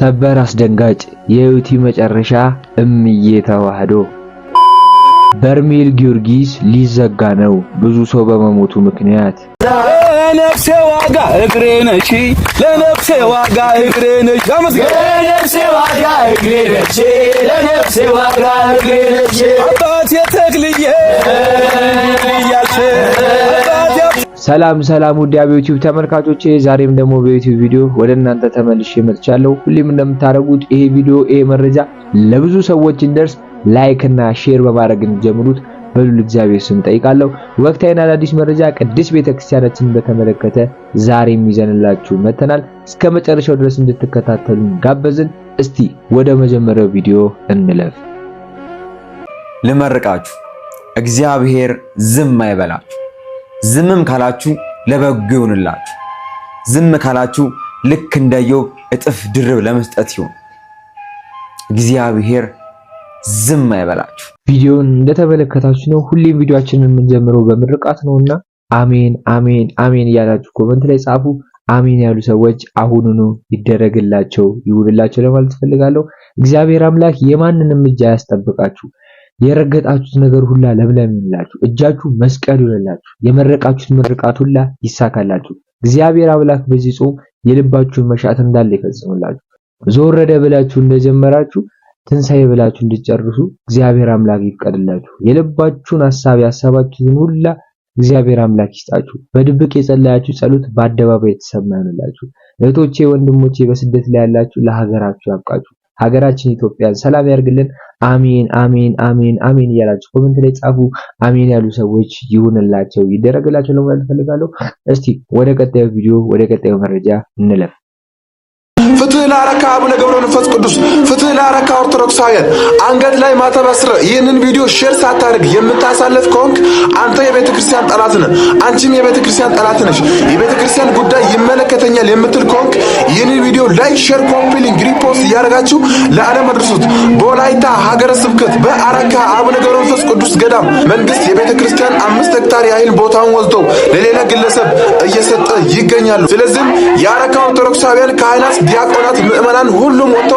ሰበር አስደንጋጭ የዩቲ መጨረሻ እምዬ ተዋህዶ በርሜል ጊዮርጊስ ሊዘጋ ነው ብዙ ሰው በመሞቱ ምክንያት። ለነፍሴ ዋጋ እግሬ ነች፣ ለነፍሴ ዋጋ እግሬ ነች፣ ለነፍሴ ዋጋ እግሬ ነች፣ ለነፍሴ ዋጋ እግሬ ነች አባቴ ተክልዬ እያልሽ ሰላም ሰላም ውድ አብ ዩቲዩብ ተመልካቾቼ፣ ዛሬም ደግሞ በዩቲዩብ ቪዲዮ ወደ እናንተ ተመልሼ መጥቻለሁ። ሁሌም እንደምታደርጉት ይሄ ቪዲዮ ይሄ መረጃ ለብዙ ሰዎች እንደርስ ላይክ እና ሼር በማድረግ እንጀምሩት በሉል እግዚአብሔር ስም ጠይቃለሁ። ወቅታዊና አዳዲስ መረጃ ቅድስት ቤተክርስቲያናችንን በተመለከተ ዛሬም ይዘንላችሁ መተናል። እስከ መጨረሻው ድረስ እንድትከታተሉን ጋበዝን። እስቲ ወደ መጀመሪያው ቪዲዮ እንለፍ። ልመርቃችሁ፣ እግዚአብሔር ዝም አይበላችሁ። ዝምም ካላችሁ ለበጎ ይሁንላችሁ። ዝም ካላችሁ ልክ እንደ ኢዮብ እጥፍ ድርብ ለመስጠት ይሁን። እግዚአብሔር ዝም አይበላችሁ። ቪዲዮን እንደተመለከታችሁ ነው። ሁሌም ቪዲዮአችንን የምንጀምረው በምርቃት ነውና አሜን አሜን አሜን እያላችሁ ኮመንት ላይ ጻፉ። አሜን ያሉ ሰዎች አሁኑኑ ይደረግላቸው ይውልላቸው ለማለት ፈልጋለሁ። እግዚአብሔር አምላክ የማንንም እጅ አያስጠብቃችሁ። የረገጣችሁት ነገር ሁላ ለምለም ይሁንላችሁ፣ እጃችሁ መስቀል ይሆንላችሁ የመረቃችሁት ምርቃት ሁላ ይሳካላችሁ። እግዚአብሔር አምላክ በዚህ ጾም የልባችሁን መሻት እንዳለ ይፈጽምላችሁ። ዘወረደ ብላችሁ እንደጀመራችሁ ትንሳኤ ብላችሁ እንድትጨርሱ እግዚአብሔር አምላክ ይፍቀድላችሁ። የልባችሁን ሐሳብ ያሰባችሁትን ሁላ እግዚአብሔር አምላክ ይስጣችሁ። በድብቅ የጸለያችሁ ጸሎት በአደባባይ የተሰማ ይሁንላችሁ። እህቶቼ ወንድሞቼ፣ በስደት ላይ ያላችሁ ለሀገራችሁ ያብቃችሁ። ሀገራችን ኢትዮጵያን ሰላም ያርግልን። አሜን አሜን አሜን አሜን እያላችሁ ኮሜንት ላይ ጻፉ። አሜን ያሉ ሰዎች ይሁንላቸው፣ ይደረግላቸው ለማለት ፈልጋለሁ። እስቲ ወደ ቀጣዩ ቪዲዮ ወደ ቀጣዩ መረጃ እንለፍ። ፍትህ ላረካ አቡነ ገብረ መንፈስ ቅዱስ፣ ፍትህ ላረካ ኦርቶዶክሳውያን አንገት ላይ ማተብ ይህንን ቪዲዮ ሼር ሳታደርግ የምታሳልፍ ከሆንክ አንተ የቤተ ክርስቲያን ጠላት ነህ፣ አንቺም የቤተ ክርስቲያን ጠላት ነሽ። የቤተ ክርስቲያን ጉዳይ ይመለከተኛል የምትል ከሆንክ ይህንን ቪዲዮ ላይክ፣ ሼር፣ ኮፒ ሊንክ፣ ሪፖርት እያደረጋችሁ ለዓለም አድርሱት። በወላይታ ሀገረ ስብከት በአረካ አቡነ ገብረ መንፈስ ቅዱስ ገዳም መንግስት የቤተ ክርስቲያን አምስት ሄክታር ያህል ቦታውን ወስዶ ለሌላ ግለሰብ እየሰጠ ይገኛሉ። ስለዚህም የአረካ ኦርቶዶክሳውያን ካህናት፣ ዲያቆናት ሰዓት ምዕመናን ሁሉም ወጥቶ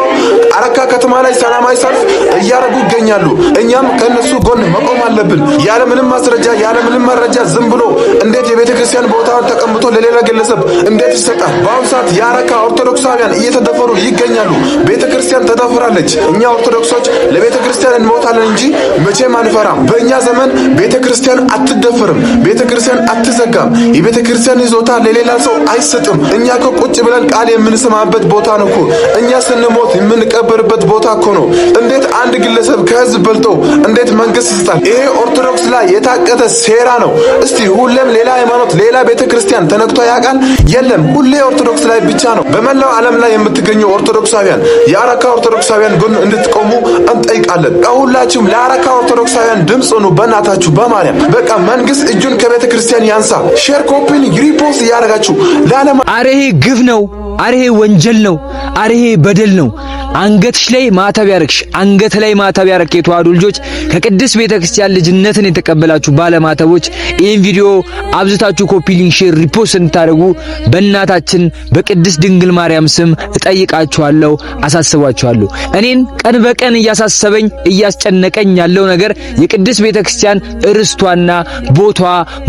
አረካ ከተማ ላይ ሰላማዊ ሰልፍ እያደረጉ ይገኛሉ። እኛም ከእነሱ ጎን መቆም አለብን። ምንም ማስረጃ ምንም መረጃ ዝም ብሎ እንዴት የቤተ ክርስቲያን ቦታ ተቀምጦ ለሌላ ግለሰብ እንዴት ይሰጣል? በአሁኑ ሰዓት የአረካ ኦርቶዶክሳውያን እየተደፈሩ ይገኛሉ። ቤተ ክርስቲያን ተዳፍራለች። እኛ ኦርቶዶክሶች ለቤተ ክርስቲያን እንሞታለን እንጂ መቼም አንፈራም። በእኛ ዘመን ቤተ ክርስቲያን አትደፈርም። ቤተ ክርስቲያን አትዘጋም። የቤተ ክርስቲያን ይዞታ ለሌላ ሰው አይሰጥም። እኛ ከቁጭ ብለን ቃል የምንሰማበት ቦታ ነው እኮ እኛ ስንሞት የምንቀበርበት ቦታ እኮ ነው። እንዴት አንድ ግለሰብ ከህዝብ በልጦ እንዴት መንግስት ይሰጣል? ይሄ ኦርቶዶክስ ላይ የታቀተ ሴራ ነው። እስቲ ሁሌም ሌላ ሃይማኖት፣ ሌላ ቤተ ክርስቲያን ተነክቶ ያውቃል? የለም፣ ሁሌ ኦርቶዶክስ ላይ ብቻ ነው። በመላው ዓለም ላይ የምትገኙ ኦርቶዶክሳውያን የአረካ ኦርቶዶክሳውያን ጎን እንድትቆሙ እንጠይቃለን። ሁላችሁም ለአረካ ኦርቶዶክሳውያን ድምፅ ኑ በእናታችሁ በማርያም በቃ መንግስት እጁን ከቤተ ክርስቲያን ያንሳ። ሼር ኮፒን ሪፖርት እያደረጋችሁ ለዓለም አሬሄ ግፍ ነው። አሬሄ ወንጀል ነው። አርሄ በደል ነው። አንገትሽ ላይ ማተብ ያረግሽ፣ አንገት ላይ ማተብ ያረግ። የተዋሕዶ ልጆች ከቅድስት ቤተክርስቲያን ልጅነትን የተቀበላችሁ ባለማተቦች ይህን ቪዲዮ አብዝታችሁ ኮፒ፣ ሊንክ፣ ሼር፣ ሪፖስት እንድታደርጉ በእናታችን በቅድስት ድንግል ማርያም ስም እጠይቃችኋለሁ፣ አሳስባችኋለሁ። እኔን ቀን በቀን እያሳሰበኝ እያስጨነቀኝ ያለው ነገር የቅድስት ቤተክርስቲያን እርስቷና ቦታ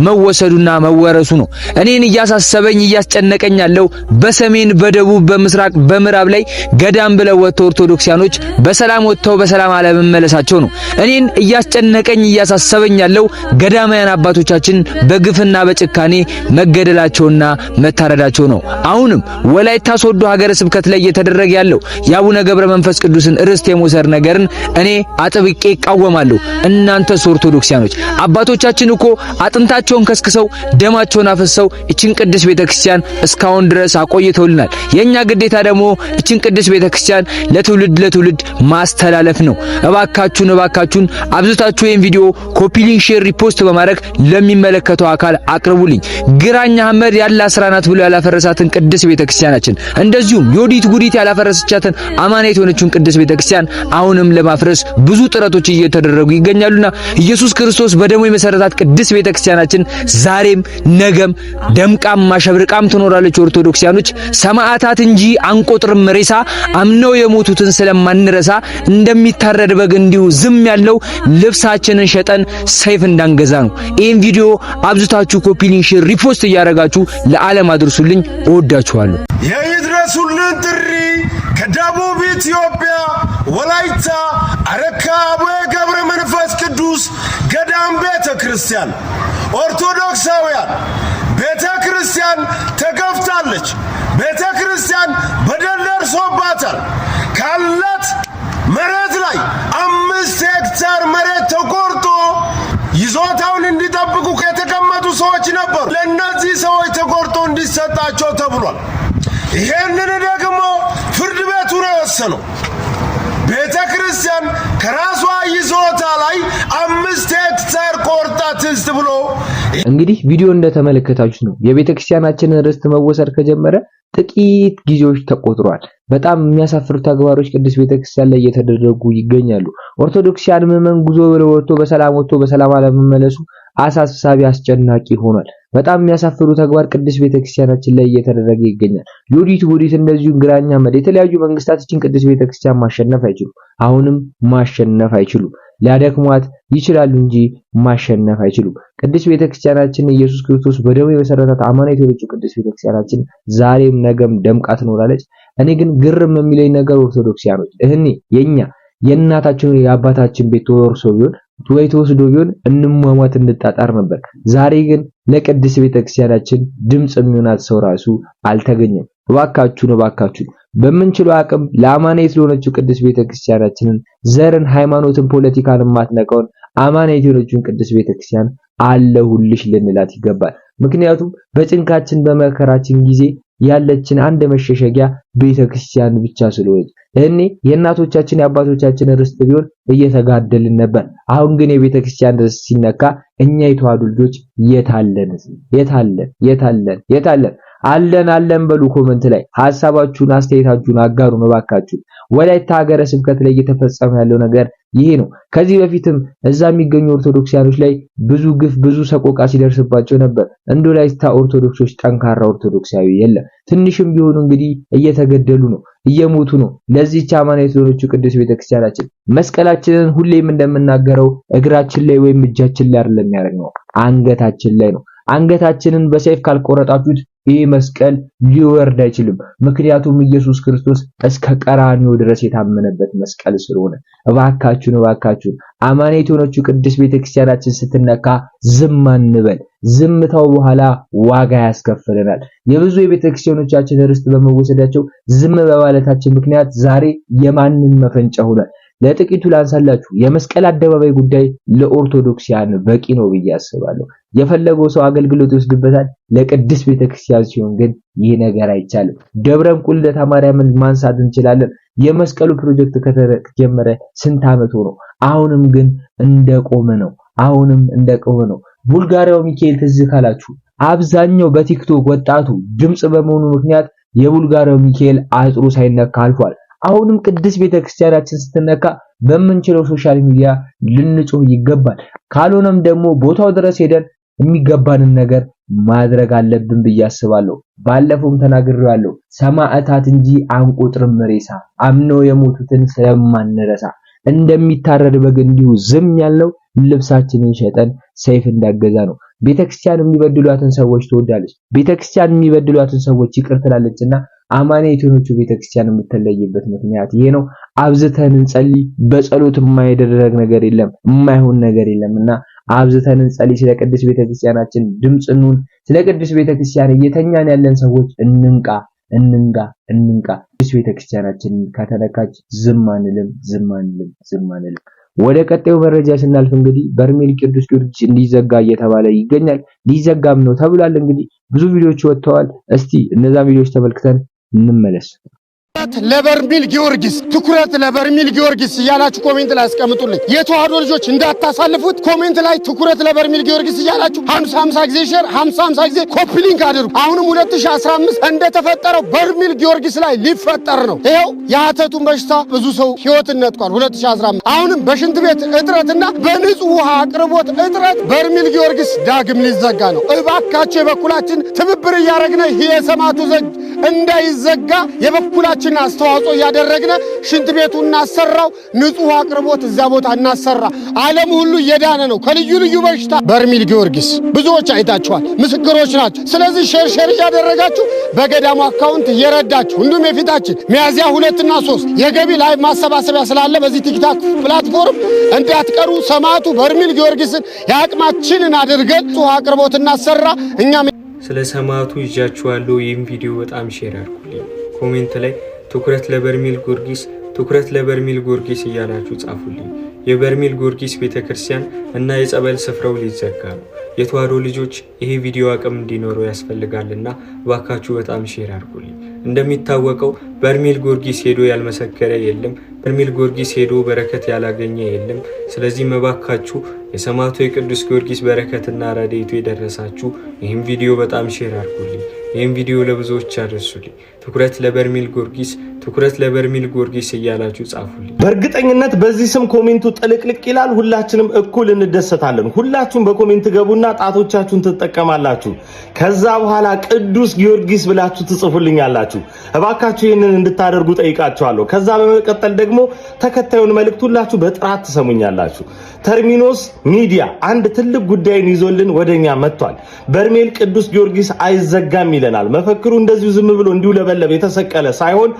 መወሰዱና መወረሱ ነው። እኔን እያሳሰበኝ እያስጨነቀኝ ያለው በሰሜን በደቡብ በምስራቅ በምዕራብ ላይ ገዳም ብለው ወጥተው ኦርቶዶክሲያኖች በሰላም ወጥተው በሰላም አለመመለሳቸው ነው። እኔን እያስጨነቀኝ እያሳሰበኝ ያለው ገዳማያን አባቶቻችን በግፍና በጭካኔ መገደላቸውና መታረዳቸው ነው። አሁንም ወላይታ ሶዶ ሀገረ ስብከት ላይ እየተደረገ ያለው የአቡነ ገብረ መንፈስ ቅዱስን ርስት የመውሰድ ነገርን እኔ አጥብቄ እቃወማለሁ። እናንተስ ኦርቶዶክሲያኖች አባቶቻችን እኮ አጥንታቸውን ከስክሰው ደማቸውን አፈሰው ይችን ቅድስት ቤተክርስቲያን እስካሁን ድረስ አቆይተውልናል። የኛ ግዴታ ደግሞ ደግሞ እችን ቅድስት ቤተክርስቲያን ለትውልድ ለትውልድ ማስተላለፍ ነው። እባካችሁን እባካችሁን አብዝታችሁ ይህን ቪዲዮ ኮፒ ሊንክ፣ ሼር፣ ሪፖስት በማድረግ ለሚመለከተው አካል አቅርቡልኝ። ግራኝ አህመድ ያለ ስራ ናት ብሎ ያላፈረሳትን ቅድስት ቤተክርስቲያናችን እንደዚሁም ዮዲት ጉዲት ያላፈረሰቻትን አማናይት የሆነችውን ቅድስት ቤተክርስቲያን አሁንም ለማፍረስ ብዙ ጥረቶች እየተደረጉ ይገኛሉና ኢየሱስ ክርስቶስ በደሙ የመሰረታት ቅድስት ቤተክርስቲያናችን ዛሬም ነገም ደምቃም ማሸብርቃም ትኖራለች። ኦርቶዶክሲያኖች ሰማዕታት እንጂ አንቆጥርም ሬሳ አምነው የሞቱትን ስለማንረስ ስንነሳ እንደሚታረድ በግ እንዲሁ ዝም ያለው ልብሳችንን ሸጠን ሰይፍ እንዳንገዛ ነው። ይህን ቪዲዮ አብዝታችሁ ኮፒ ሊንክ፣ ሼር፣ ሪፖስት እያደረጋችሁ ለዓለም አድርሱልኝ። እወዳችኋለሁ። የይድረሱልን ጥሪ ከደቡብ ኢትዮጵያ ወላይታ አረካ አቡነ ገብረ መንፈስ ቅዱስ ገዳም ቤተ ክርስቲያን ኦርቶዶክሳውያን ጾታውን እንዲጠብቁ ከተቀመጡ ሰዎች ነበሩ። ለእነዚህ ሰዎች ተቆርጦ እንዲሰጣቸው ተብሏል። ይሄንን ደግሞ ፍርድ ቤቱ ነው የወሰነው። ቤተ ክርስቲያን ከራሷ ይዞታ ላይ አምስት ሄክታር ቆርጣ ትስጥ ብሎ እንግዲህ ቪዲዮ እንደተመለከታችሁ ነው የቤተ ክርስቲያናችንን ርስት መወሰድ ከጀመረ ጥቂት ጊዜዎች ተቆጥሯል። በጣም የሚያሳፍሩ ተግባሮች ቅዱስ ቤተክርስቲያን ላይ እየተደረጉ ይገኛሉ። ኦርቶዶክሳውያን ምዕመናን ጉዞ ብለው ወጥቶ በሰላም ወጥቶ በሰላም አለመመለሱ አሳሳቢ አስጨናቂ ሆኗል። በጣም የሚያሳፍሩ ተግባር ቅድስት ቤተክርስቲያናችን ላይ እየተደረገ ይገኛል። ዩዲት ቡዲት፣ እንደዚሁ ግራኛ አህመድ፣ የተለያዩ መንግስታት እችን ቅድስት ቤተክርስቲያን ማሸነፍ አይችሉም። አሁንም ማሸነፍ አይችሉም። ሊያደክሟት ይችላሉ እንጂ ማሸነፍ አይችሉም። ቅድስት ቤተክርስቲያናችን ኢየሱስ ክርስቶስ በደሙ የመሰረታት አማናዊት የሆነችው ቅድስት ቤተክርስቲያናችን ዛሬም ነገም ደምቃ ትኖራለች። እኔ ግን ግርም የሚለኝ ነገር ኦርቶዶክሲያኖች እህኔ የኛ የእናታችን የአባታችን ቤት ተወርሶ ቢሆን ወይ ተወስዶ ቢሆን እንሟሟት እንጣጣር ነበር። ዛሬ ግን ለቅድስ ቤተክርስቲያናችን ድምጽ የሚሆናት ሰው ራሱ አልተገኘም። እባካችሁን እባካችሁን በምንችለው አቅም ለአማኔት ለሆነችው ቅድስ ቤተክርስቲያናችንን ዘርን፣ ሃይማኖትን፣ ፖለቲካን ማትነቀውን አማኔት የሆነችውን ቅድስ ቤተክርስቲያን አለሁልሽ ልንላት ይገባል። ምክንያቱም በጭንቃችን በመከራችን ጊዜ ያለችን አንድ መሸሸጊያ ቤተክርስቲያን ብቻ ስለሆነች እኔ የእናቶቻችን የአባቶቻችን ርስት ቢሆን እየተጋደልን ነበር። አሁን ግን የቤተክርስቲያን ርስት ሲነካ እኛ የተዋሕዶ ልጆች የታለን የታለን የታለን የታለን አለን አለን በሉ። ኮመንት ላይ ሐሳባችሁን አስተያየታችሁን አጋሩ ነው ባካችሁ። ወላይታ ሀገረ ስብከት ላይ እየተፈጸመ ያለው ነገር ይሄ ነው። ከዚህ በፊትም እዛ የሚገኙ ኦርቶዶክሲያኖች ላይ ብዙ ግፍ፣ ብዙ ሰቆቃ ሲደርስባቸው ነበር። እንደ ወላይታ ኦርቶዶክሶች ጠንካራ ኦርቶዶክሳዊ የለም። ትንሽም ቢሆኑ እንግዲህ እየተገደሉ ነው፣ እየሞቱ ነው። ለዚህች አማናዊት ለሆነችው ቅዱስ ቤተክርስቲያናችን መስቀላችንን ሁሌም እንደምናገረው እግራችን ላይ ወይም እጃችን ላይ አይደለም ያደረግነው፣ አንገታችን ላይ ነው። አንገታችንን በሰይፍ ካልቆረጣችሁት ይህ መስቀል ሊወርድ አይችልም። ምክንያቱም ኢየሱስ ክርስቶስ እስከ ቀራኒው ድረስ የታመነበት መስቀል ስለሆነ፣ እባካችሁን እባካችሁን አማኔት የሆነችው ቅድስት ቤተክርስቲያናችን ስትነካ ዝም አንበል። ዝምታው በኋላ ዋጋ ያስከፍለናል። የብዙ የቤተክርስቲያኖቻችን ርስት በመወሰዳቸው ዝም በማለታችን ምክንያት ዛሬ የማንም መፈንጫ ሆኗል። ለጥቂቱ ላንሳላችሁ። የመስቀል አደባባይ ጉዳይ ለኦርቶዶክሲያን በቂ ነው ብዬ አስባለሁ። የፈለገው ሰው አገልግሎት ይወስድበታል። ለቅድስት ቤተክርስቲያን ሲሆን ግን ይህ ነገር አይቻልም። ደብረ እንቁል ለማርያምን ማንሳት እንችላለን። የመስቀሉ ፕሮጀክት ከተጀመረ ስንት ዓመት ሆኖ፣ አሁንም ግን እንደቆመ ነው። አሁንም እንደቆመ ነው። ቡልጋሪያው ሚካኤል ትዝ ካላችሁ አብዛኛው በቲክቶክ ወጣቱ ድምጽ በመሆኑ ምክንያት የቡልጋሪያው ሚካኤል አጥሩ ሳይነካ አልፏል። አሁንም ቅድስት ቤተክርስቲያናችን ስትነካ በምንችለው ሶሻል ሚዲያ ልንጮህ ይገባል። ካልሆነም ደግሞ ቦታው ድረስ ሄደን የሚገባንን ነገር ማድረግ አለብን ብዬ አስባለሁ። ባለፈውም ተናግሬዋለሁ። ሰማዕታት እንጂ አንቆጥርም ሬሳ አምነው የሞቱትን ስለማንረሳ እንደሚታረድ በግ እንዲሁ ዝም ያልነው ልብሳችንን ሸጠን ሰይፍ እንዳገዛ ነው። ቤተክርስቲያን የሚበድሏትን ሰዎች ትወዳለች። ቤተክርስቲያን የሚበድሏትን ሰዎች ይቅር ትላለችና አማኔቱኖቹ ቤተክርስቲያን የምትለይበት ምክንያት ይሄ ነው። አብዝተን እንጸልይ። በጸሎት የማይደረግ ነገር የለም፣ የማይሆን ነገር የለም እና አብዝተን እንጸልይ። ስለ ቅዱስ ቤተክርስቲያናችን ድምጽኑን እንሁን። ስለ ቅዱስ ቤተክርስቲያን እየተኛን ያለን ሰዎች እንንቃ፣ እንንቃ፣ እንንቃ። ቅዱስ ቤተክርስቲያናችን ከተነካች ዝም አንልም፣ ዝም አንልም፣ ዝም አንልም። ወደ ቀጣዩ መረጃ ስናልፍ እንግዲህ በርሜል ቅዱስ ጊዮርጊስ እንዲዘጋ እየተባለ ይገኛል። ሊዘጋም ነው ተብሏል። እንግዲህ ብዙ ቪዲዮዎች ወጥተዋል። እስቲ እነዛን ቪዲዮዎች ተመልክተን እንመለስ። ለበርሚል ጊዮርጊስ ትኩረት ለበርሚል ጊዮርጊስ እያላችሁ ኮሜንት ላይ አስቀምጡልኝ። የተዋህዶ ልጆች እንዳታሳልፉት። ኮሜንት ላይ ትኩረት ለበርሚል ጊዮርጊስ እያላችሁ 50 50 ጊዜ ሼር፣ 50 50 ጊዜ ኮፒ ሊንክ አድርጉ። አሁንም 2015 እንደተፈጠረው በርሚል ጊዮርጊስ ላይ ሊፈጠር ነው። ይኸው የሀተቱን በሽታ ብዙ ሰው ህይወትን ነጥቋል። 2015 አሁንም በሽንት ቤት እጥረትና በንጹህ ውሃ አቅርቦት እጥረት በርሚል ጊዮርጊስ ዳግም ሊዘጋ ነው። እባካቸው የበኩላችን ትብብር እያደረግነ ይሄ የሰማዕቱ ዘንግ እንዳይዘጋ የበኩላችን የራሳችን አስተዋጽኦ እያደረግነ ሽንት ቤቱ እናሰራው፣ ንጹህ አቅርቦት እዛ ቦታ እናሰራ። ዓለም ሁሉ እየዳነ ነው ከልዩ ልዩ በሽታ። በርሚል ጊዮርጊስ ብዙዎች አይታችኋል፣ ምስክሮች ናቸው። ስለዚህ ሼር ሼር እያደረጋችሁ በገዳሙ አካውንት እየረዳችሁ እንዲሁም የፊታችን ሚያዝያ ሁለትና ሶስት የገቢ ላይ ማሰባሰቢያ ስላለ በዚህ ቲክታክ ፕላትፎርም እንዳትቀሩ። ሰማዕቱ በርሜል ጊዮርጊስን የአቅማችንን አድርገን ንጹህ አቅርቦት እናሰራ። እኛም ስለ ሰማዕቱ ይዣችኋለሁ። ይህም ቪዲዮ በጣም ሼር አድርጉልኝ ኮሜንት ላይ ትኩረት ለበርሜል ጊዮርጊስ ትኩረት ለበርሜል ጊዮርጊስ እያላችሁ ጻፉልኝ። የበርሜል ጊዮርጊስ ቤተ ክርስቲያን እና የጸበል ስፍራው ሊዘጋ ነው። የተዋሕዶ ልጆች ይሄ ቪዲዮ አቅም እንዲኖረው ያስፈልጋልና ባካችሁ በጣም ሼር አድርጉልኝ። እንደሚታወቀው በርሜል ጊዮርጊስ ሄዶ ያልመሰከረ የለም። በርሜል ጊዮርጊስ ሄዶ በረከት ያላገኘ የለም። ስለዚህ መባካችሁ የሰማዕቱ የቅዱስ ጊዮርጊስ በረከትና ረድኤቱ የደረሳችሁ ይህም ቪዲዮ በጣም ሼር አድርጉልኝ። ይህም ቪዲዮ ለብዙዎች አድርሱልኝ። ትኩረት ለበርሜል ጊዮርጊስ፣ ትኩረት ለበርሚል ጊዮርጊስ እያላችሁ ጻፉልኝ። በእርግጠኝነት በዚህ ስም ኮሜንቱ ጥልቅልቅ ይላል። ሁላችንም እኩል እንደሰታለን። ሁላችሁም በኮሜንት ገቡና ጣቶቻችሁን ትጠቀማላችሁ። ከዛ በኋላ ቅዱስ ጊዮርጊስ ብላችሁ ትጽፉልኛላችሁ። እባካችሁ ይህንን እንድታደርጉ ጠይቃችኋለሁ። ከዛ በመቀጠል ደግሞ ተከታዩን መልእክት ሁላችሁ በጥራት ትሰሙኛላችሁ። ተርሚኖስ ሚዲያ አንድ ትልቅ ጉዳይን ይዞልን ወደኛ መጥቷል። በርሜል ቅዱስ ጊዮርጊስ አይዘጋም ይለናል። መፈክሩ እንደዚሁ ዝም ብሎ እንዲሁ ለበለብ የተሰቀለ ሳይሆን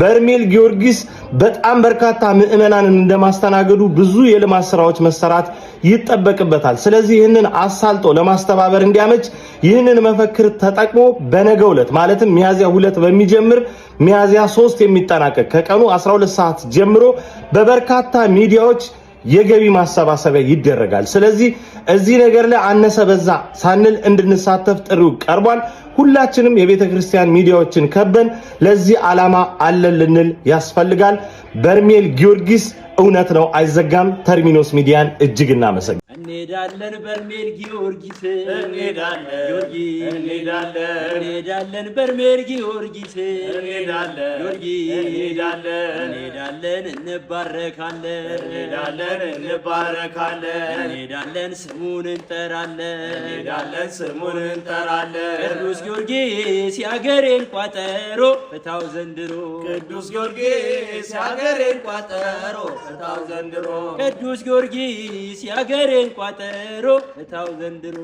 በርሜል ጊዮርጊስ በጣም በርካታ ምዕመናንን እንደማስተናገዱ ብዙ የልማት ስራዎች መሰራት ይጠበቅበታል። ስለዚህ ይህንን አሳልጦ ለማስተባበር እንዲያመች ይህንን መፈክር ተጠቅሞ በነገው ዕለት ማለትም ሚያዚያ ሁለት በሚጀምር ሚያዚያ ሶስት የሚጠናቀቅ ከቀኑ 12 ሰዓት ጀምሮ በበርካታ ሚዲያዎች የገቢ ማሰባሰቢያ ይደረጋል። ስለዚህ እዚህ ነገር ላይ አነሰ በዛ ሳንል እንድንሳተፍ ጥሪው ቀርቧል። ሁላችንም የቤተ ክርስቲያን ሚዲያዎችን ከበን ለዚህ ዓላማ አለን ልንል ያስፈልጋል። በርሜል ጊዮርጊስ እውነት ነው አይዘጋም። ተርሚኖስ ሚዲያን እጅግ እናመሰግናል። እንሄዳለን በርሜል ጊዮርጊስ እንሄዳለን በርሜል ጊዮርጊስ እንሄዳለን እንባረካለን እንባረካለን እንሄዳለን ስሙን እንጠራለን እንሄዳለን ስሙን እንጠራለን ቅዱስ ጊዮርጊስ የአገሬን ቋጠሮ ፍታው ዘንድሮ ቅዱስ ጊዮርጊስ የአገሬን ቋጠሮ ፍታው ዘንድሮ ቅዱስ ጊዮርጊስ የአገሬን የአገሬን ቋጠሮ ፈታው ዘንድሮ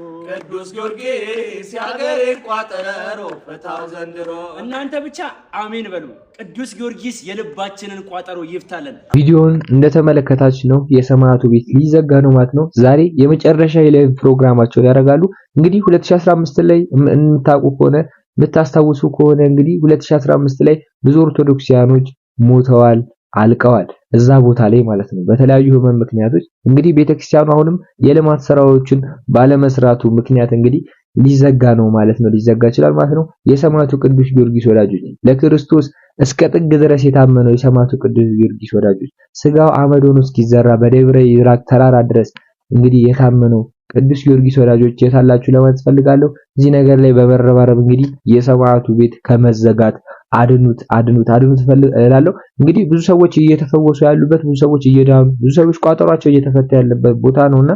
ቅዱስ ጊዮርጊስ የአገሬን ቋጠሮ ፈታው ዘንድሮ። እናንተ ብቻ አሜን በሉ። ቅዱስ ጊዮርጊስ የልባችንን ቋጠሮ ይፍታለን። ቪዲዮውን እንደተመለከታች ነው የሰማዕቱ ቤት ሊዘጋ ነው ማለት ነው። ዛሬ የመጨረሻ የላይቭ ፕሮግራማቸውን ያደርጋሉ። እንግዲህ 2015 ላይ የምታውቁ ከሆነ የምታስታውሱ ከሆነ እንግዲህ 2015 ላይ ብዙ ኦርቶዶክሲያኖች ሞተዋል አልቀዋል። እዛ ቦታ ላይ ማለት ነው። በተለያዩ ህመም ምክንያቶች እንግዲህ ቤተክርስቲያኑ አሁንም የልማት ስራዎችን ባለመስራቱ ምክንያት እንግዲህ ሊዘጋ ነው ማለት ነው። ሊዘጋ ይችላል ማለት ነው። የሰማዕቱ ቅዱስ ጊዮርጊስ ወዳጆች ለክርስቶስ እስከ ጥግ ድረስ የታመነው የሰማዕቱ ቅዱስ ጊዮርጊስ ወዳጆች ስጋው አመድ ሆኖ እስኪዘራ በደብረ ይራቅ ተራራ ድረስ እንግዲህ የታመነው ቅዱስ ጊዮርጊስ ወዳጆች የታላችሁ ለማለት ፈልጋለሁ። እዚህ ነገር ላይ በመረባረብ እንግዲህ የሰማዕቱ ቤት ከመዘጋት አድኑት አድኑት አድኑት እላለሁ። እንግዲህ ብዙ ሰዎች እየተፈወሱ ያሉበት ብዙ ሰዎች እየዳኑ ብዙ ሰዎች ቋጠሯቸው እየተፈታ ያለበት ቦታ ነውና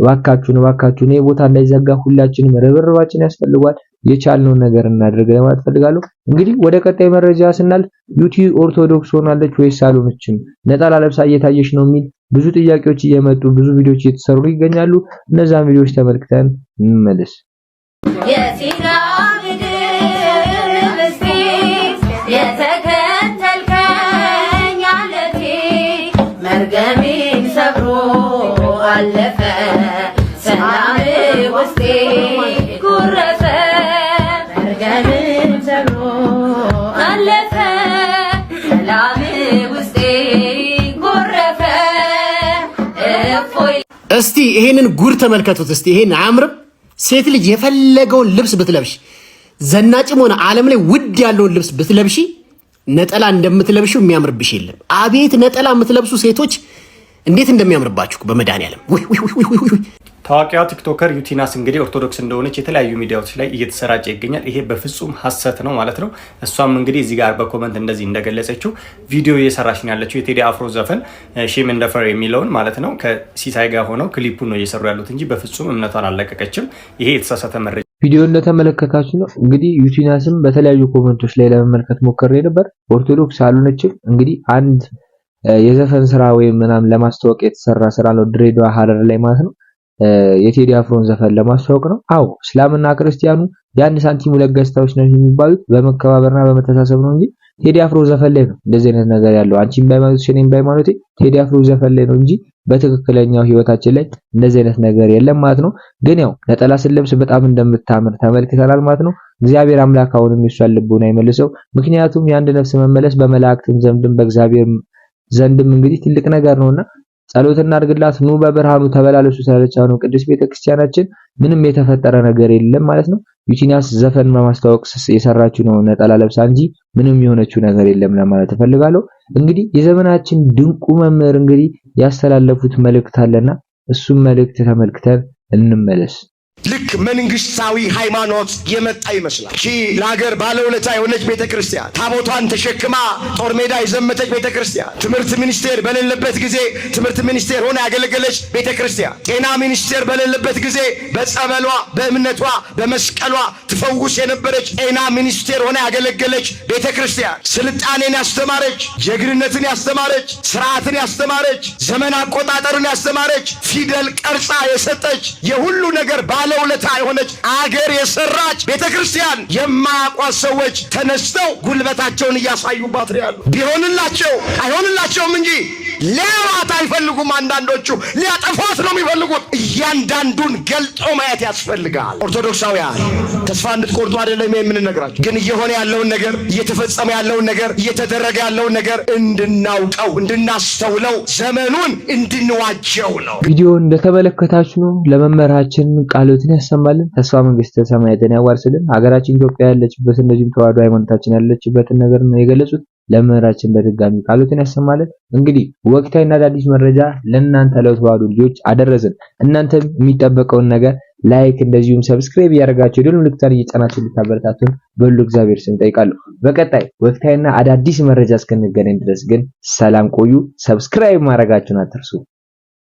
እባካችሁን እባካችሁን ይሄ ቦታ እንዳይዘጋ ሁላችንም ርብርባችን ያስፈልጓል። የቻልነውን ነገር እናድርግ ለማለት ፈልጋለሁ። እንግዲህ ወደ ቀጣይ መረጃ ስናልፍ ዩቲ ኦርቶዶክስ ሆናለች ወይስ አልሆነችም? ነጠላ ለብሳ እየታየች ነው የሚል ብዙ ጥያቄዎች እየመጡ ብዙ ቪዲዮዎች እየተሰሩ ይገኛሉ። እነዛን ቪዲዮዎች ተመልክተን እንመለስ። አለፈ ሰላም ውስጤ ጎረፈ መርገምም ሰብሮ አለፈ ሰላም ውስጤ ጎረፈ። እስቲ ይሄንን ጉድ ተመልከቱት። እስቲ ይሄን አያምርም? ሴት ልጅ የፈለገውን ልብስ ብትለብሽ ዘናጭም ሆነ ዓለም ላይ ውድ ያለውን ልብስ ብትለብሺ ነጠላ እንደምትለብሽው የሚያምርብሽ የለም። አቤት ነጠላ የምትለብሱ ሴቶች እንዴት እንደሚያምርባችሁ በመድኃኒዓለም ታዋቂዋ ቲክቶከር ዩቲናስ እንግዲህ ኦርቶዶክስ እንደሆነች የተለያዩ ሚዲያዎች ላይ እየተሰራጨ ይገኛል። ይሄ በፍጹም ሀሰት ነው ማለት ነው። እሷም እንግዲህ እዚህ ጋር በኮመንት እንደዚህ እንደገለጸችው ቪዲዮ እየሰራች ያለችው የቴዲ አፍሮ ዘፈን ሼም እንደፈር የሚለውን ማለት ነው ከሲሳይ ጋር ሆነው ክሊፑን ነው እየሰሩ ያሉት እንጂ በፍጹም እምነቷን አለቀቀችም ይሄ የተሳሳተ መረጃ ቪዲዮ እንደተመለከታችሁ ነው። እንግዲህ ዩቲናስም በተለያዩ ኮመንቶች ላይ ለመመልከት ሞከሬ ነበር። ኦርቶዶክስ አልሆነችም። እንግዲህ አንድ የዘፈን ስራ ወይም ምናምን ለማስተዋወቅ የተሰራ ስራ ነው። ድሬዳዋ ሀረር ላይ ማለት ነው። የቴዲ አፍሮን ዘፈን ለማስተዋወቅ ነው። አዎ እስላምና ክርስቲያኑ የአንድ ሳንቲም ሁለት ገጽታዎች ነው የሚባሉት በመከባበርና በመተሳሰብ ነው እንጂ ቴዲ አፍሮ ዘፈን ላይ ነው እንደዚህ አይነት ነገር ያለው። አንቺም ባይማኖትሽ እኔም ባይማኖቴ ቴዲ አፍሮ ዘፈን ላይ ነው እንጂ በትክክለኛው ህይወታችን ላይ እንደዚህ አይነት ነገር የለም ማለት ነው። ግን ያው ነጠላ ስለብስ በጣም እንደምታምር ተመልክተናል ማለት ነው። እግዚአብሔር አምላክ አሁንም የሷን ልቦና ምክንያቱም የአንድ ነፍስ መመለስ በመላእክትም ዘንድም በእግዚአብሔር ዘንድም እንግዲህ ትልቅ ነገር ነውና ጸሎት እናድርግላት። ኑ በብርሃኑ ተበላለሱ ስላለቻ ነው ቅድስት ቤተክርስቲያናችን ምንም የተፈጠረ ነገር የለም ማለት ነው። ዩቲናስ ዘፈን በማስተዋወቅ የሰራችው ነው ነጠላ ለብሳ እንጂ ምንም የሆነችው ነገር የለም ለማለት እፈልጋለሁ። እንግዲህ የዘመናችን ድንቁ መምህር እንግዲህ ያስተላለፉት መልእክት አለና እሱም መልእክት ተመልክተን እንመለስ። ልክ መንግስታዊ ሃይማኖት የመጣ ይመስላል። ቺ ለሀገር ባለውለታ የሆነች ቤተ ክርስቲያን ታቦቷን ተሸክማ ጦር ሜዳ የዘመተች ቤተ ክርስቲያን፣ ትምህርት ሚኒስቴር በሌለበት ጊዜ ትምህርት ሚኒስቴር ሆና ያገለገለች ቤተ ክርስቲያን፣ ጤና ሚኒስቴር በሌለበት ጊዜ በጸበሏ፣ በእምነቷ፣ በመስቀሏ ትፈውስ የነበረች ጤና ሚኒስቴር ሆና ያገለገለች ቤተ ክርስቲያን፣ ስልጣኔን ያስተማረች፣ ጀግንነትን ያስተማረች፣ ስርዓትን ያስተማረች፣ ዘመን አቆጣጠርን ያስተማረች፣ ፊደል ቀርጻ የሰጠች የሁሉ ነገር ባለ ባለውለታ የሆነች አገር የሰራች ቤተ ክርስቲያን የማያቋት ሰዎች ተነስተው ጉልበታቸውን እያሳዩባት ያሉ ቢሆንላቸው አይሆንላቸውም እንጂ ሊያዋት አይፈልጉም። አንዳንዶቹ ሊያጠፏት ነው የሚፈልጉት። እያንዳንዱን ገልጦ ማየት ያስፈልጋል። ኦርቶዶክሳውያን ተስፋ እንድትቆርጡ አይደለም የምንነግራቸው፣ ግን እየሆነ ያለውን ነገር እየተፈጸመ ያለውን ነገር እየተደረገ ያለውን ነገር እንድናውቀው እንድናስተውለው ዘመኑን እንድንዋጀው ነው። ቪዲዮ እንደተመለከታችሁ ነው። ለመምህራችን ቃሎትን ያሰማልን፣ ተስፋ መንግስተ ሰማያትን ያዋርስልን። ሀገራችን ኢትዮጵያ ያለችበት እንደዚሁም ተዋህዶ ሃይማኖታችን ያለችበትን ነገር ነው የገለጹት። ለምህራችን በድጋሚ ቃሎትን ያሰማልን። እንግዲህ ወቅታዊና አዳዲስ መረጃ ለእናንተ ለተዋሕዶ ልጆች አደረስን። እናንተም የሚጠበቀውን ነገር ላይክ፣ እንደዚሁም ሰብስክራይብ እያደረጋችሁ ደወል ምልክቱን እየጫናችሁ ልታበረታቱን በሉ እግዚአብሔር ስም ጠይቃለሁ። በቀጣይ ወቅታዊና አዳዲስ መረጃ እስክንገናኝ ድረስ ግን ሰላም ቆዩ። ሰብስክራይብ ማድረጋችሁን አትርሱ።